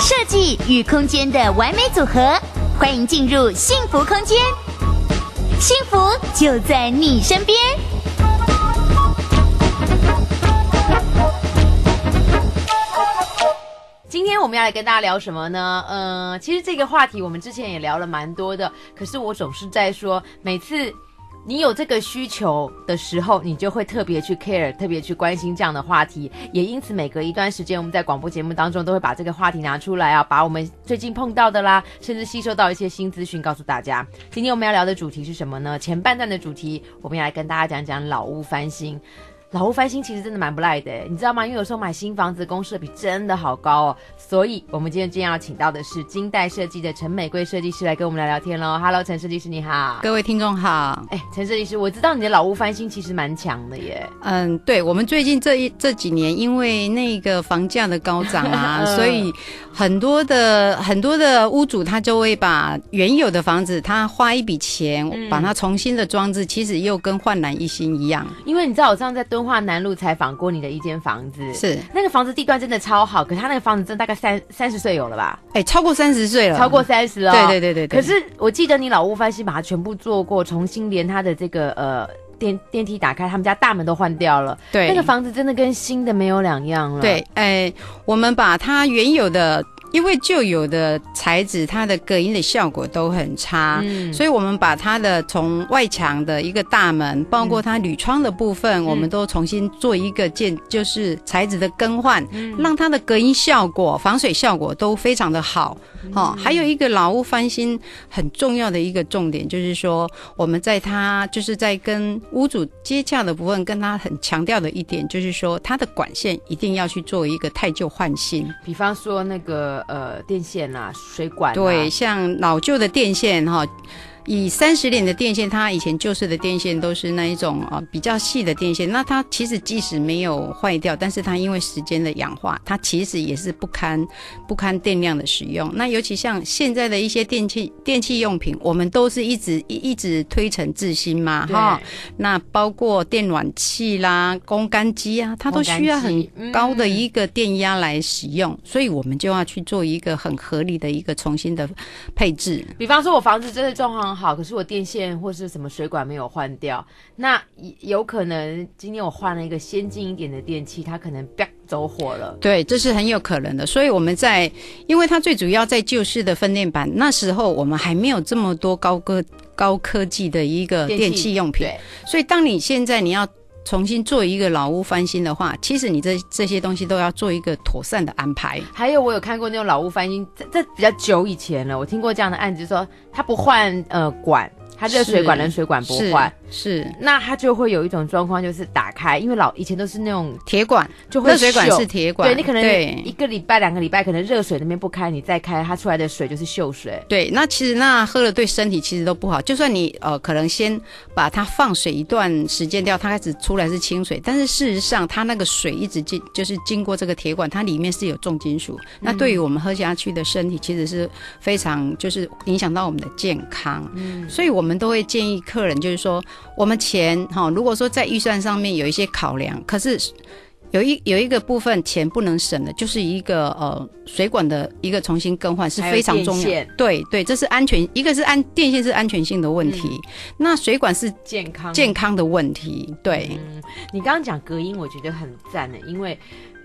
設計與空間的完美組合，歡迎進入幸福空間，幸福就在你身邊。今天我們要來跟大家聊什麼呢？嗯、呃，其實這個話題我們之前也聊了蠻多的，可是我總是在說每次。你有這個需求的時候，你就會特別去 care，特別去關心這樣的話題，也因此每隔一段時間，我們在廣播節目當中都會把這個話題拿出來啊，把我們最近碰到的啦，甚至吸收到一些新資訊告訴大家。今天我們要聊的主題是什麼呢？前半段的主題，我們要來跟大家講講老屋翻新。老屋翻新其實真的蠻不賴的，你知道嗎？因為有時候買新房子的公設比真的好高哦。所以，我們今天，今天要請到的是金代設計的陳玫瑰設計師來跟我們聊聊天嘍。Hello，陳設計師你好，各位聽眾好。哎，陳設計師，我知道你的老屋翻新其實蠻強的耶。嗯，對，我們最近這一這幾年，因為那個房價的高漲啊， 所以很多的很多的屋主他就會把原有的房子，他花一筆錢、嗯、把它重新的裝置，其實又跟煥然一新一樣。因為你知道，我這樣在蹲。中華南路採訪過你的一間房子，是那個房子地段真的超好，可是他那個房子真的大概三三十歲有了吧？哎、欸，超過三十歲了，超過三十了、哦嗯。對對對對，對。可是我記得你老屋翻新，把它全部做過，重新連他的這個呃電電梯打開，他們家大門都換掉了。對，那個房子真的跟新的沒有兩樣了。對，哎、欸，我們把它原有的。因為舊有的材質，它的隔音的效果都很差，嗯、所以我們把它的從外牆的一個大門，包括它鋁窗的部分，嗯、我們都重新做一個建，就是材質的更換，嗯、讓它的隔音效果、防水效果都非常的好。嗯、哦，還有一個老屋翻新很重要的一個重點，就是說我們在它就是在跟屋主接洽的部分，跟他很強調的一點，就是說它的管線一定要去做一個汰舊換新。比方說那個。呃，電線啊，水管啊對，像老舊的電線哈、哦。以三十年的電線，它以前舊式的電線都是那一種啊比較細的電線。那它其實即使沒有壞掉，但是它因為時間的氧化，它其實也是不堪不堪電量的使用。那尤其像現在的一些電器電器用品，我們都是一直一,一直推陳出新嘛哈對。那包括電暖器啦、烘乾機啊，它都需要很高的一個電壓來使用，嗯、所以我們就要去做一個很合理的一個重新的配置。比方說我房子這些狀況。好，可是我電線或是什麼水管沒有換掉，那有可能今天我換了一個先進一點的電器，它可能啪走火了。對，這是很有可能的。所以我們在，因為它最主要在舊式的分電板，那時候我們還沒有這麼多高科高科技的一個電器用品。對，所以當你現在你要。重新做一個老屋翻新的話，其實你這這些東西都要做一個妥善的安排。還有，我有看過那種老屋翻新，這，這比較久以前了。我聽過這樣的案子就是說，說他不換呃管，他這個水管、冷水管不換。是，那它就會有一種狀況，就是打開，因為老以前都是那種鐵管，就會鏽，熱水管是鐵管，對你可能一個禮拜、兩對個禮拜，可能熱水那邊不開，你再開，它出來的水就是鏽水。對，那其實那喝了對身體其實都不好。就算你呃可能先把它放水一段時間掉，它開始出來是清水，但是事實上它那個水一直進就是經過這個鐵管，它裡面是有重金屬。那對於我們喝下去的身體，其實是非常就是影響到我們的健康。嗯，所以我們都會建議客人就是說。我們錢哈、哦，如果說在預算上面有一些考量，可是有一有一個部分錢不能省的，就是一個呃水管的一個重新更換是非常重要。對對，這是安全，一個是安電線是安全性的問題，嗯、那水管是健康健康的問題。對，嗯，你剛剛講隔音，我覺得很贊呢，因為。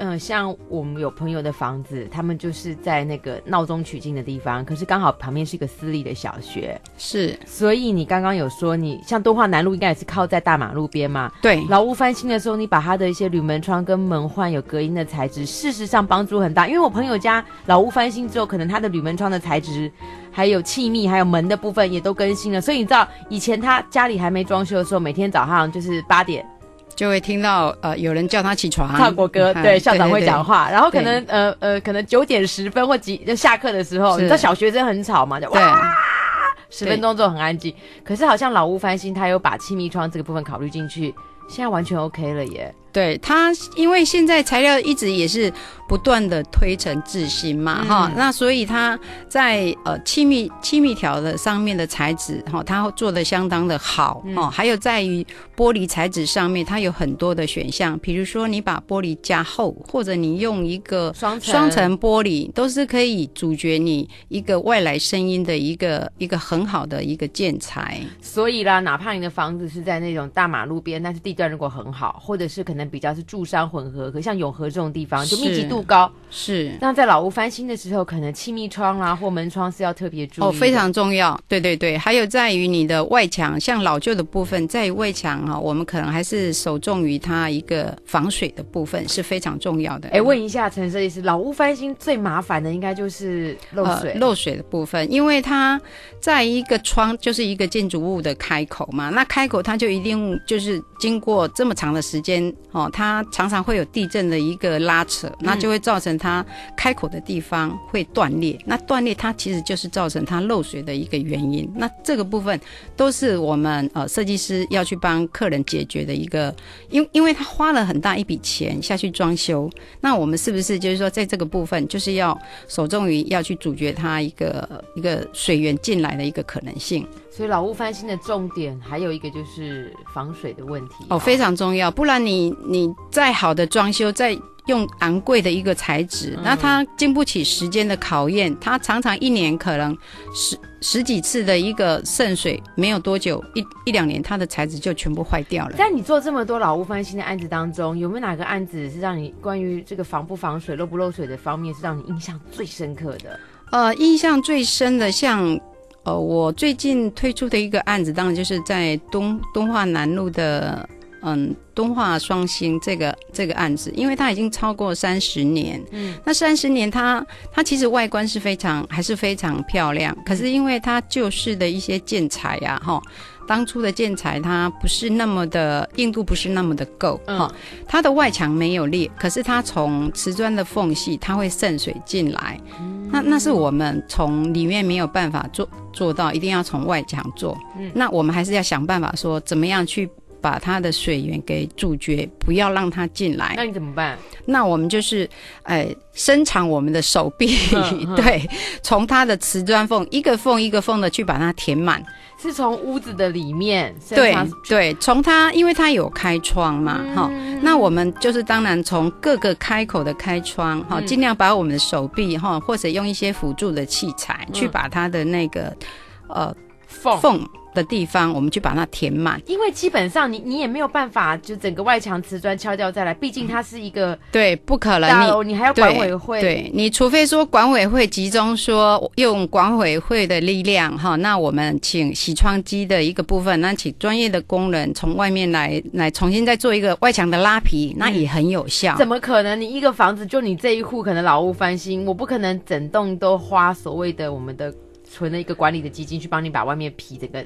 嗯，像我們有朋友的房子，他們就是在那個鬧中取靜的地方，可是剛好旁邊是一個私立的小學，是。所以你剛剛有說你，你像敦化南路應該也是靠在大馬路邊嘛？對。老屋翻新的時候，你把它的一些鋁門窗跟門換有隔音的材質，事實上幫助很大。因為我朋友家老屋翻新之後，可能它的鋁門窗的材質，還有氣密，還有門的部分也都更新了。所以你知道，以前他家裡還沒裝修的時候，每天早上就是八點。就會聽到呃，有人叫他起床，唱國歌，嗯、對，校長會講話，對對對，然後可能對呃呃，可能九點十分或幾就下課的時候，是你知道小學生很吵嘛，對哇，對十分鐘之後很安靜，對可是好像老屋翻新，他又把氣密窗這個部分考慮進去，現在完全 OK 了耶。對它，因為現在材料一直也是不斷的推陳出新嘛，哈、嗯哦，那所以它在呃氣密氣密條，的上面的材質，哈、哦，它做的相當的好，嗯、哦，還有在於玻璃材質上面，它有很多的選項，比如說你把玻璃加厚，或者你用一個雙層玻璃，都是可以阻絕你一個外來聲音的一個一個很好的一個建材。所以啦，哪怕你的房子是在那種大馬路邊，但是地段如果很好，或者是可能。可能比較是住商混合，和像永和這種地方就密集度高。是、是，那在老屋翻新的時候，可能氣密窗啦，啊、或門窗是要特別注意的哦，非常重要。對對對，還有在於你的外牆，像老舊的部分，在於外牆啊，我們可能還是首重於它一個防水的部分是非常重要的。哎，問一下陳設計師，老屋翻新最麻煩的應該就是漏水，呃、漏水的部分，因為它在一個窗就是一個建築物的開口嘛，那開口它就一定就是經過這麼長的時間。哦，它常常會有地震的一個拉扯，那就會造成它開口的地方會斷裂。嗯、那斷裂它其實就是造成它漏水的一個原因。那這個部分都是我們呃設計師要去幫客人解決的一個，因因為他花了很大一筆錢下去裝修，那我們是不是就是說在這個部分就是要著重於要去阻絕它一個、呃、一個水源進來的一個可能性？所以老屋翻新的重點還有一個就是防水的問題、啊、哦，非常重要。不然你你再好的裝修，再用昂貴的一個材質，嗯、那它經不起時間的考驗。它常常一年可能十十幾次的一個滲水，沒有多久，一一兩年，它的材質就全部壞掉了。在你做這麼多老屋翻新的案子當中，有沒有哪個案子是讓你關於這個防不防水、漏不漏水的方面是讓你印象最深刻的？呃，印象最深的像。呃，我最近推出的一個案子，當然就是在敦敦化南路的，嗯，敦化雙星，這個這個案子，因為它已經超過三十年，嗯，那三十年它它其實外觀是非常還是非常漂亮，可是因為它舊式的一些建材呀、啊，哈、哦，當初的建材它不是那麼的硬度不是那麼的夠，哈、嗯哦，它的外牆沒有裂，可是它從瓷磚的縫隙它會滲水進來。嗯。那那是我們從裡面沒有辦法做做到，一定要從外牆做。嗯，那我們還是要想辦法說，怎麼樣去。把它的水源給阻絕，不要讓它進來。那你怎麼辦？那我們就是，哎、呃，伸長我們的手臂，呵呵對，從它的瓷磚縫、嗯、一個縫一個縫的去把它填滿。是從屋子的裡面？對對，從它，因為它有開窗嘛，哈、嗯。那我們就是當然從各個開口的開窗，哈，嗯、盡量把我們的手臂，哈，或者用一些輔助的器材去把它的那個，嗯、呃。縫 F 的地方，我們去把它填滿，因為基本上你你也沒有辦法，就整個外牆瓷磚敲掉再來，畢竟它是一個大樓，嗯、對，不可能你。你你還要管委會對，對，你除非說管委會集中說用管委會的力量，哈，那我們請洗窗機的一個部分，那請專業的工人從外面來來重新再做一個外牆的拉皮，嗯、那也很有效。怎麼可能？你一個房子就你這一戶可能老屋翻新，我不可能整棟都花所謂的我們的。存了一個管理的基金去幫你把外面皮這個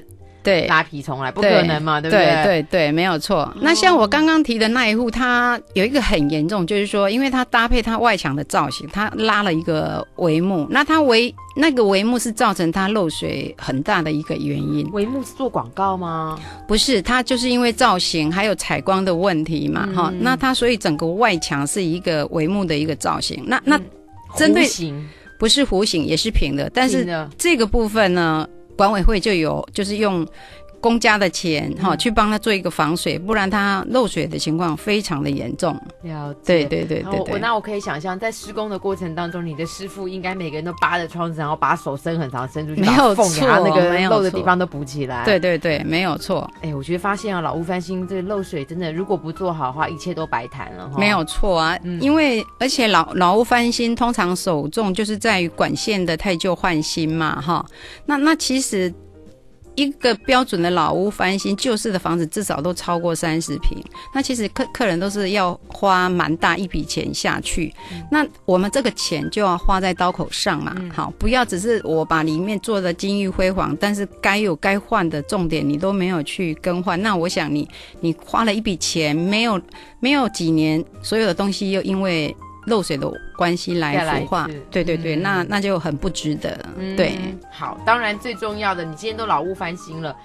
對，拉皮重來，不可能嘛，對，對不對？對對，對，沒有錯。嗯、那像我剛剛提的那一戶，它有一個很嚴重，就是說，因為它搭配它外牆的造型，它拉了一個帷幕，那它帷那個帷幕是造成它漏水很大的一個原因。帷幕是做廣告嗎？不是，它就是因為造型還有採光的問題嘛。哈、嗯，那它所以整個外牆是一個帷幕的一個造型。那那真的。嗯不是弧形，也是平的，但是這個部分呢，管委會就有，就是用。公家的錢哈，去幫他做一個防水，嗯、不然他漏水的情況非常的嚴重。要解對對對對，對我，那我可以想象，在施工的過程當中，你的師傅應該每個人都扒着窗子，然後把手伸很長，伸出去沒有縫，把他他那個漏的地方都補起來。嗯、對對對，沒有錯。哎、欸，我覺得發現啊，老屋翻新這個漏水真的，如果不做好的話，一切都白談了。沒有錯啊，嗯、因為而且老老屋翻新通常首重就是在於管線的汰舊換新嘛，哈，那那其實。一個標準的老屋翻新，舊式的房子至少都超過三十坪，那其實客客人都是要花蠻大一筆錢下去。嗯、那我們這個錢就要花在刀口上嘛，嗯、好，不要只是我把裡面做的金玉輝煌，但是該有該換的重點你都沒有去更換。那我想你，你花了一筆錢，沒有沒有幾年，所有的東西又因為。漏水的關係來腐化，來對對對，嗯嗯，那那就很不值得。嗯嗯對，好，當然最重要的，你今天都老屋翻新了，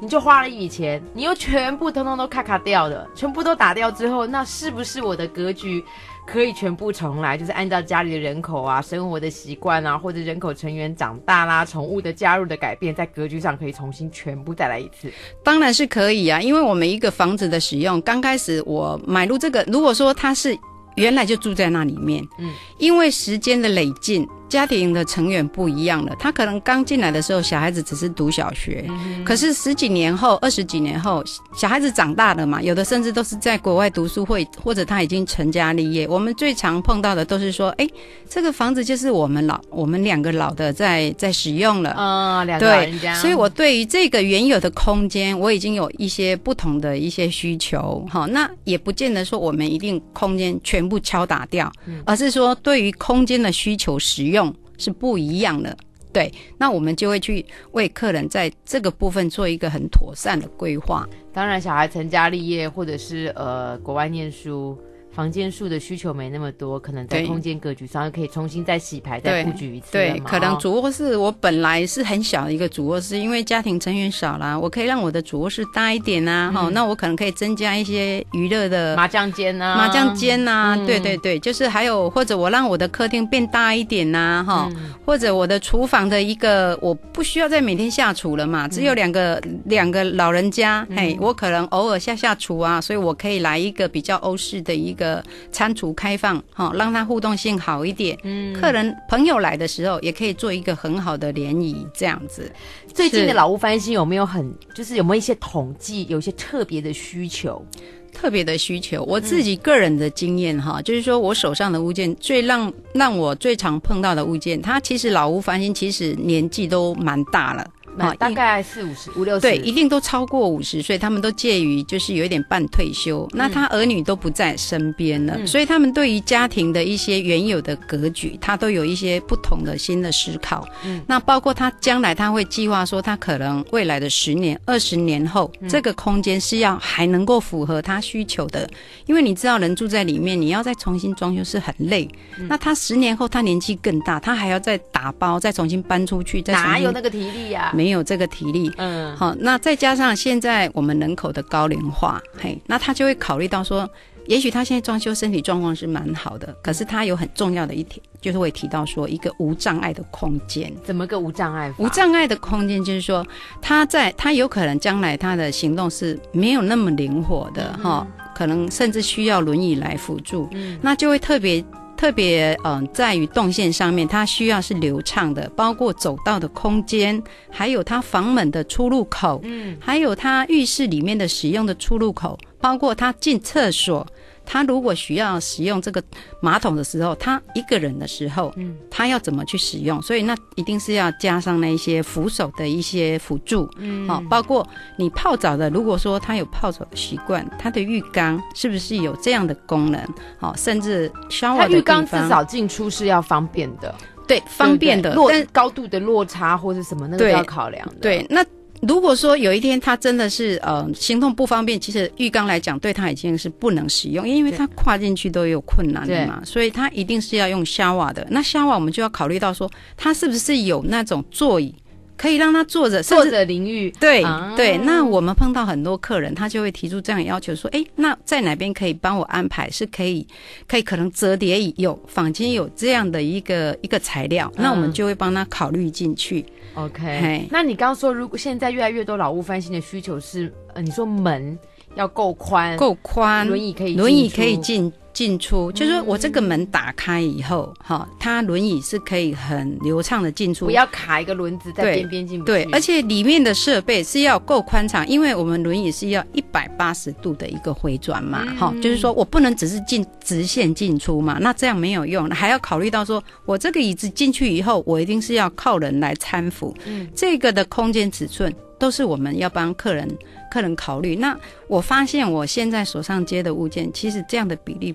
你就花了一筆錢，你又全部通通都咔咔掉了，全部都打掉之後，那是不是我的格局可以全部重來？就是按照家裡的人口啊、生活的習慣啊，或者人口成員長大啦、啊、寵物的加入的改變，在格局上可以重新全部再來一次？當然是可以啊，因為我們一個房子的使用，剛開始我買入這個，如果說它是。原來就住在那裡面，嗯，因為時間的累進。家庭的成員不一樣了，他可能剛進來的時候，小孩子只是讀小學，嗯、可是十幾年後、二十幾年後，小孩子長大了嘛，有的甚至都是在國外讀書會，或者他已經成家立業。我們最常碰到的都是說，哎、欸，這個房子就是我們老、我們兩個老的在在使用了啊。嗯、兩個老人家對，所以我對於這個原有的空間，我已經有一些不同的一些需求。好，那也不見得說我們一定空間全部敲打掉，而是說對於空間的需求使用。是不一樣的，對，那我們就會去為客人在這個部分做一個很妥善的規劃。當然，小孩成家立業，或者是呃，國外念書。房間數的需求沒那麼多，可能在空間格局上可以重新再洗牌，對再布局一次對。對，可能主臥室我本來是很小的一個主臥室，因為家庭成員少啦，我可以讓我的主臥室大一點啊。哈、嗯，那我可能可以增加一些娛樂的麻將間啊，麻將間啊。嗯、對對對，就是還有或者我讓我的客廳變大一點啊。哈，嗯、或者我的廚房的一個我不需要再每天下廚了嘛，只有兩個，嗯、兩個老人家，嗯、嘿，我可能偶爾下下廚啊，所以我可以來一個比較歐式的一個。個餐廚開放哈、哦，讓它互動性好一點。嗯，客人朋友來的時候也可以做一個很好的聯誼這樣子。是最近的老屋翻新有沒有很就是有沒有一些統計，有一些特別的需求？特別的需求，我自己個人的經驗、嗯、哈，就是說我手上的物件最讓讓我最常碰到的物件，它其實老屋翻新其實年紀都蠻大了。啊，大概四五十、嗯、五六歲，對，一定都超過五十歲，他們都介於就是有一點半退休。嗯、那他兒女都不在身邊了，嗯、所以他們對於家庭的一些原有的格局，他都有一些不同的新的思考。嗯、那包括他將來他會計劃說，他可能未來的十年、二十年後，嗯、這個空間是要還能夠符合他需求的，因為你知道，人住在裡面，你要再重新裝修是很累。嗯、那他十年後，他年紀更大，他還要再打包，再重新搬出去，再哪有那個體力呀、啊？沒有這個體力，嗯，好、哦，那再加上現在我們人口的高齡化，嘿，那他就會考慮到說，也許他現在裝修身體狀況是蠻好的，可是他有很重要的一點，就是會提到說一個無障礙的空間，怎麼個無障礙？無障礙的空間就是說，他在他有可能將來他的行動是沒有那麼靈活的，哈、嗯哦，可能甚至需要輪椅來輔助，嗯、那就會特別。特別嗯，在於動線上面，它需要是流暢的，包括走道的空間，還有它房門的出入口，嗯，還有它浴室裡面的使用的出入口，包括它進廁所。他如果需要使用這個馬桶的時候，他一個人的時候，嗯，他要怎麼去使用？所以那一定是要加上那一些扶手的一些輔助，嗯，好、哦，包括你泡澡的，如果說他有泡澡的習慣，他的浴缸是不是有這樣的功能？哦，甚至稍微的，他浴缸至少進出是要方便的，對，方便的，對對落但，高度的落差或是什麼那個都要考量，對，對，那。如果說有一天他真的是呃行動不方便，其實浴缸來講對他已經是不能使用，因為他跨進去都有困難的嘛，對所以他一定是要用 shower 的。那 shower 我們就要考慮到說，他是不是有那種座椅？可以讓他坐着，坐着淋浴。對、嗯、對，那我們碰到很多客人，他就會提出這樣的要求，說：“誒、欸，那在哪邊可以幫我安排？是可以，可以可能折疊椅有房間有這樣的一個一個材料，嗯、那我們就會幫他考慮進去。Okay, 嘿” OK。那你剛剛說，如果現在越來越多老屋翻新的需求是，呃，你說門要夠寬，夠寬寬，輪椅可以，輪椅可以進。進出就是說我這個門打開以後，哈、嗯，它輪椅是可以很流暢的進出，不要卡一個輪子在邊邊進不去。對,對，而且裡面的設備是要夠寬敞，因為我們輪椅是要一百八十度的一個回轉嘛，哈、嗯，就是說我不能只是進直線進出嘛，那這樣沒有用，還要考慮到說我這個椅子進去以後，我一定是要靠人來攙扶，嗯、這個的空間尺寸都是我們要幫客人客人考慮。那我發現我現在手上接的物件，其實這樣的比例。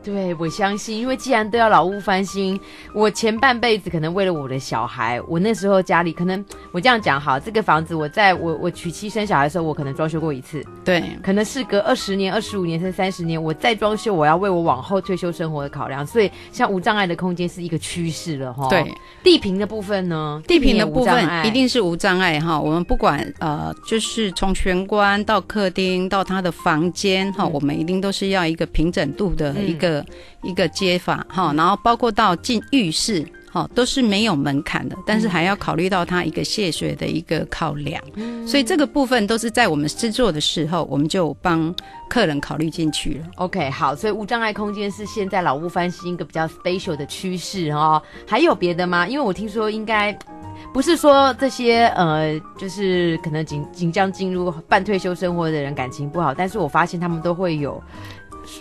對，我相信，因為既然都要老屋翻新，我前半輩子可能為了我的小孩，我那時候家裡可能我這樣講好，這個房子我在我我娶妻生小孩的時候，我可能裝修過一次，對，可能事隔二十年、二十五年甚至三十年，我再裝修，我要為我往後退休生活的考量，所以像無障礙的空間是一個趨勢了哈。對，地坪的部分呢？地坪，地坪的部分一定是無障礙哈、哦。我們不管呃，就是從玄關到客廳到他的房間哈、嗯哦，我們一定都是要一個平整度的、嗯、一個。一個接法哈，然後包括到進浴室哈，都是沒有門檻的，但是還要考慮到他一個洩水的一個考量，嗯、所以這個部分都是在我們制作的時候，我們就幫客人考慮進去了。OK，好，所以無障礙空間是現在老屋翻新一個比較 special 的趨勢哈，還有別的嗎？因為我聽說應該不是說這些呃，就是可能即即將進入半退休生活的人感情不好，但是我發現他們都會有。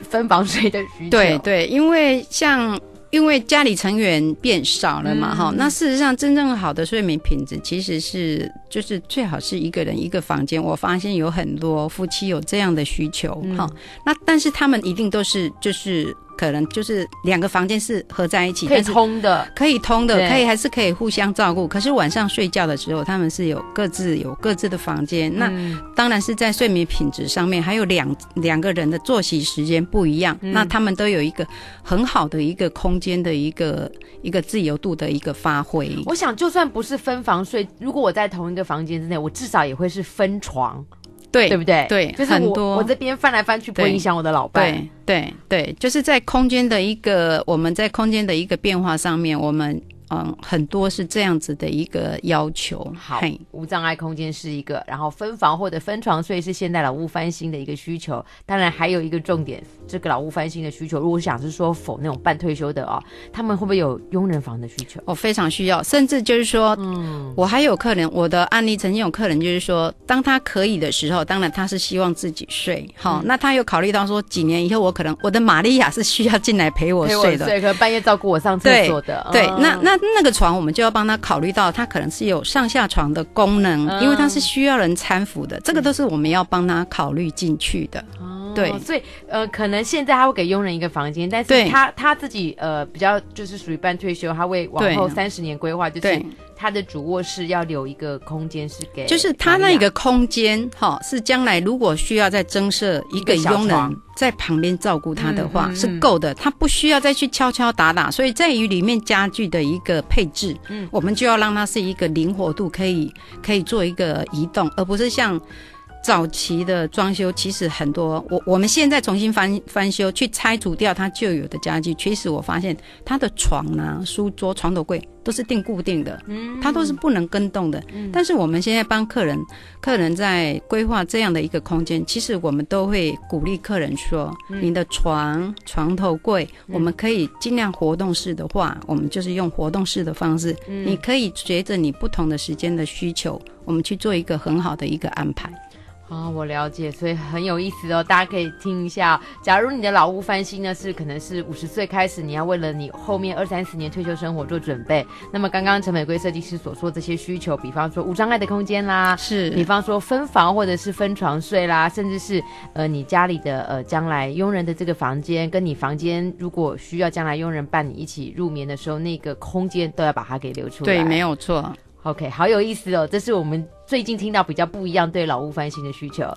分房睡的需求，對對，因為像因為家裡成員變少了嘛，哈、嗯哦，那事實上真正好的睡眠品質其實是就是最好是一個人一個房間。我發現有很多夫妻有這樣的需求，哈、嗯哦，那但是他們一定都是就是。可能就是兩個房間是合在一起，可以通的，可以通的，對可以還是可以互相照顧。可是晚上睡覺的時候，他們是有各自有各自的房間。嗯、那當然是在睡眠品質上面，還有兩兩個人的作息時間不一樣。嗯、那他們都有一個很好的一個空間的一個一個自由度的一個發揮。我想，就算不是分房睡，如果我在同一個房間之內，我至少也會是分床。對，對不對？對，對就是我很多，我這邊翻來翻去不會影響我的老伴。對，對，對，就是在空間的一個，我們在空間的一個變化上面，我們。嗯，很多是這樣子的一個要求。好，嘿無障礙空間是一個，然後分房或者分床睡是現代老屋翻新的一個需求。當然，還有一個重點，這個老屋翻新的需求，如果想是說否那種半退休的哦，他們會不會有傭人房的需求？哦，非常需要，甚至就是說，嗯，我還有客人，我的案例曾經有客人就是說，當他可以的時候，當然他是希望自己睡，好、哦，嗯、那他又考慮到說，幾年以後我可能我的瑪利亞是需要進來陪我睡的，我睡可能半夜照顧我上廁所的，對，嗯、對，那那。那個床我們就要幫他考慮到，他可能是有上下床的功能，嗯、因為他是需要人攙扶的，嗯、這個都是我們要幫他考慮進去的。哦、對，所以呃，可能現在他會給傭人一個房間，但是他對他自己呃比較就是屬於半退休，他會往後三十年規劃，對就是。對他的主臥室要留一個空間，是給就是他那一個空間哈、哦，是將來如果需要再增設一個小床在旁邊照顧他的話、嗯嗯嗯、是夠的，他不需要再去敲敲打打，所以在於裡面家具的一個配置，嗯，我們就要讓它是一個靈活度可以可以做一個移動，而不是像。早期的裝修其實很多，我我們現在重新翻翻修去拆除掉它舊有的家具。其實我發現它的床啊、書桌、床頭櫃都是定固定的，嗯，它都是不能更動的。嗯、但是我們現在幫客人，客人在規劃這樣的一個空間，其實我們都會鼓勵客人說：嗯、你的床、床頭櫃，嗯、我們可以盡量活動式的話，我們就是用活動式的方式，嗯、你可以隨着你不同的時間的需求，我們去做一個很好的一個安排。啊、哦，我了解，所以很有意思哦。大家可以聽一下、哦。假如你的老屋翻新呢，是可能是五十歲開始，你要為了你後面二三十年退休生活做準備。嗯、那麼剛剛陳美瑰設計師所說這些需求，比方說無障礙的空間啦，是；比方說分房或者是分床睡啦，甚至是呃你家裡的呃將來傭人的這個房間跟你房間，如果需要將來傭人伴你一起入眠的時候，那個空間都要把它給留出來。對，沒有錯。OK，好有意思哦，這是我們最近聽到比較不一樣對老屋翻新的需求。